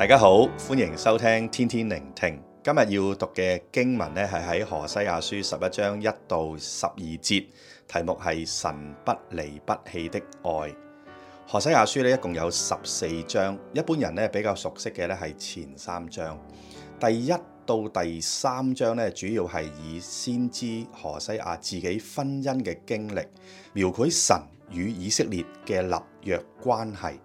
大家好，歡迎收聽天天靈聽。今日要讀嘅經文咧，係喺何西阿書十一章一到十二節，題目係神不離不棄的愛。何西阿書咧一共有十四章，一般人咧比較熟悉嘅咧係前三章，第一到第三章咧主要係以先知何西阿自己婚姻嘅經歷，描繪神與以色列嘅立約關係。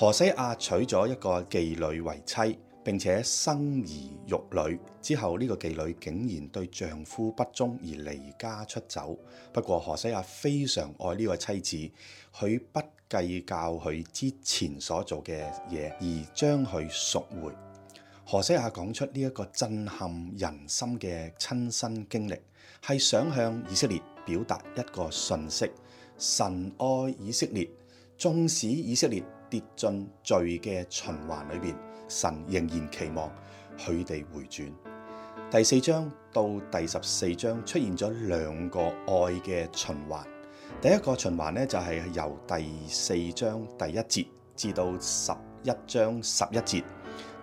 何西阿娶咗一個妓女為妻，並且生兒育女之後，呢個妓女竟然對丈夫不忠而離家出走。不過何西阿非常愛呢個妻子，佢不計較佢之前所做嘅嘢，而將佢贖回。何西阿講出呢一個震撼人心嘅親身經歷，係想向以色列表達一個信息：神愛以色列，縱使以色列，跌進罪嘅循環裏邊，神仍然期望佢哋回轉。第四章到第十四章出現咗兩個愛嘅循環。第一個循環咧，就係、是、由第四章第一節至到十一章十一節。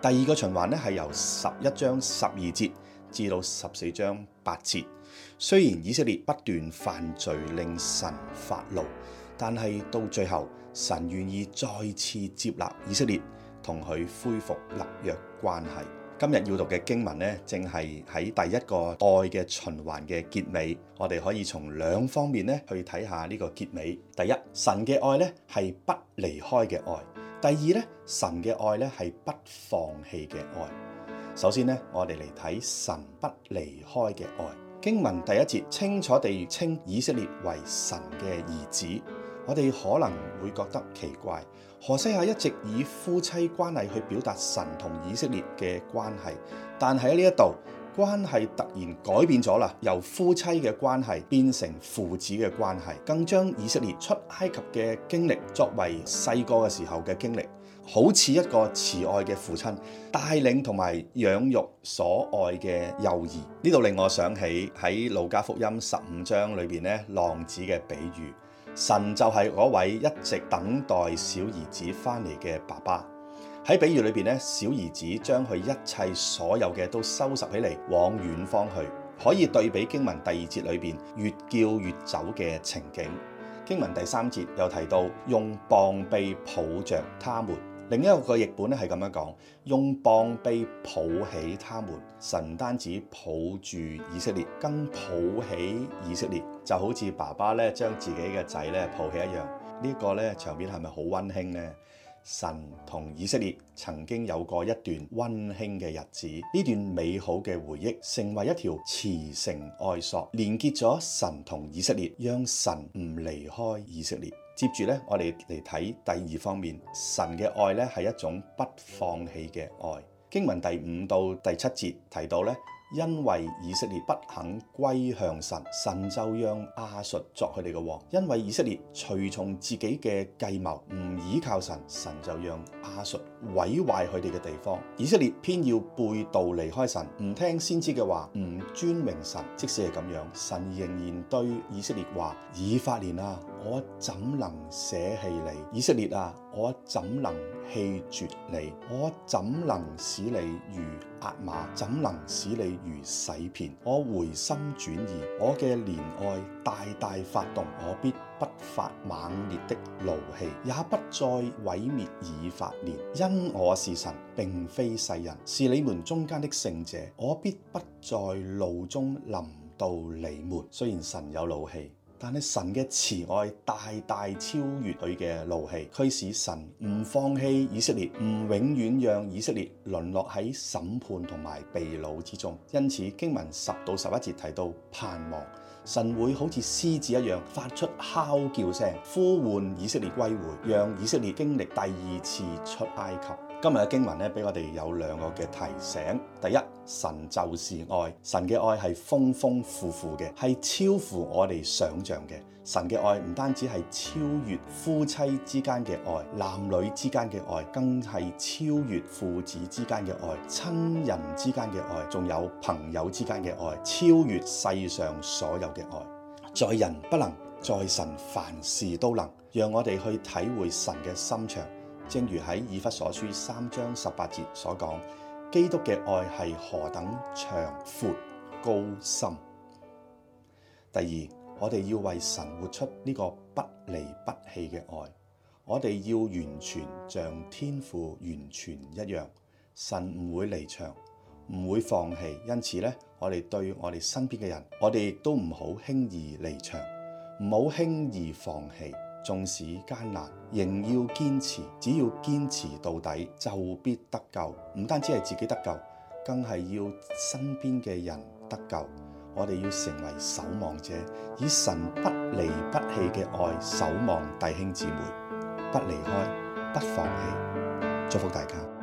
第二個循環咧係由十一章十二節至到十四章八節。雖然以色列不斷犯罪，令神發怒。但係到最後，神願意再次接納以色列，同佢恢復立約關係。今日要讀嘅經文呢，正係喺第一個愛嘅循環嘅結尾。我哋可以從兩方面呢去睇下呢個結尾。第一，神嘅愛呢係不離開嘅愛；第二呢，神嘅愛呢係不放棄嘅愛。首先呢，我哋嚟睇神不離開嘅愛。經文第一節清楚地稱以色列為神嘅兒子。我哋可能會覺得奇怪，何西阿一直以夫妻關係去表達神同以色列嘅關係，但喺呢一度，關係突然改變咗啦，由夫妻嘅關係變成父子嘅關係，更將以色列出埃及嘅經歷，作為細個嘅時候嘅經歷，好似一個慈愛嘅父親帶領同埋養育所愛嘅幼兒。呢度令我想起喺路加福音十五章裏面呢，浪子嘅比喻。神就係嗰位一直等待小兒子翻嚟嘅爸爸。喺比喻裏邊呢小兒子將佢一切所有嘅都收拾起嚟，往遠方去，可以對比經文第二節裏邊越叫越走嘅情景。經文第三節又提到用膀臂抱着他們。另一個譯本咧係咁樣講，用膀臂抱起他們，神唔單止抱住以色列，更抱起以色列，就好似爸爸咧將自己嘅仔咧抱起一樣。這個、呢個咧場面係咪好溫馨呢？神同以色列曾經有過一段溫馨嘅日子，呢段美好嘅回憶成為一條慈繩愛索，連結咗神同以色列，讓神唔離開以色列。接住呢，我哋嚟睇第二方面，神嘅愛呢係一種不放棄嘅愛。經文第五到第七節提到呢。因為以色列不肯歸向神，神就讓亞述作佢哋嘅王；因為以色列隨從自己嘅計謀，唔依靠神，神就讓亞述毀壞佢哋嘅地方。以色列偏要背道離開神，唔聽先知嘅話，唔尊榮神。即使係咁樣，神仍然對以色列話：以法蓮啊，我怎能捨棄你？以色列啊，我怎能棄絕你？我怎能使你如？押瑪，怎能使你如洗扁？我回心轉意，我嘅憐愛大大發動，我必不發猛烈的怒氣，也不再毀滅以法蓮。因我是神，並非世人，是你們中間的聖者，我必不在怒中臨到你們。雖然神有怒氣。但係神嘅慈愛大大超越佢嘅怒氣，驅使神唔放棄以色列，唔永遠讓以色列淪落喺審判同埋被擄之中。因此經文十到十一節提到盼望，神會好似獅子一樣發出吼叫聲，呼喚以色列歸回，讓以色列經歷第二次出埃及。今日嘅經文呢，俾我哋有兩個嘅提醒。第一，神就是愛，神嘅愛係豐豐富富嘅，係超乎我哋想象嘅。神嘅愛唔單止係超越夫妻之間嘅愛、男女之間嘅愛，更係超越父子之間嘅愛、親人之間嘅愛，仲有朋友之間嘅愛，超越世上所有嘅愛。在人不能，在神凡事都能。讓我哋去體會神嘅心腸。正如喺以弗所書三章十八節所講，基督嘅愛係何等長、闊、高、深。第二，我哋要為神活出呢個不離不棄嘅愛，我哋要完全像天父完全一樣，神唔會離場，唔會放棄。因此咧，我哋對我哋身邊嘅人，我哋都唔好輕易離場，唔好輕易放棄。縱使艱難，仍要堅持。只要堅持到底，就必得救。唔單止係自己得救，更係要身邊嘅人得救。我哋要成為守望者，以神不離不棄嘅愛守望弟兄姊妹，不離開，不放棄。祝福大家。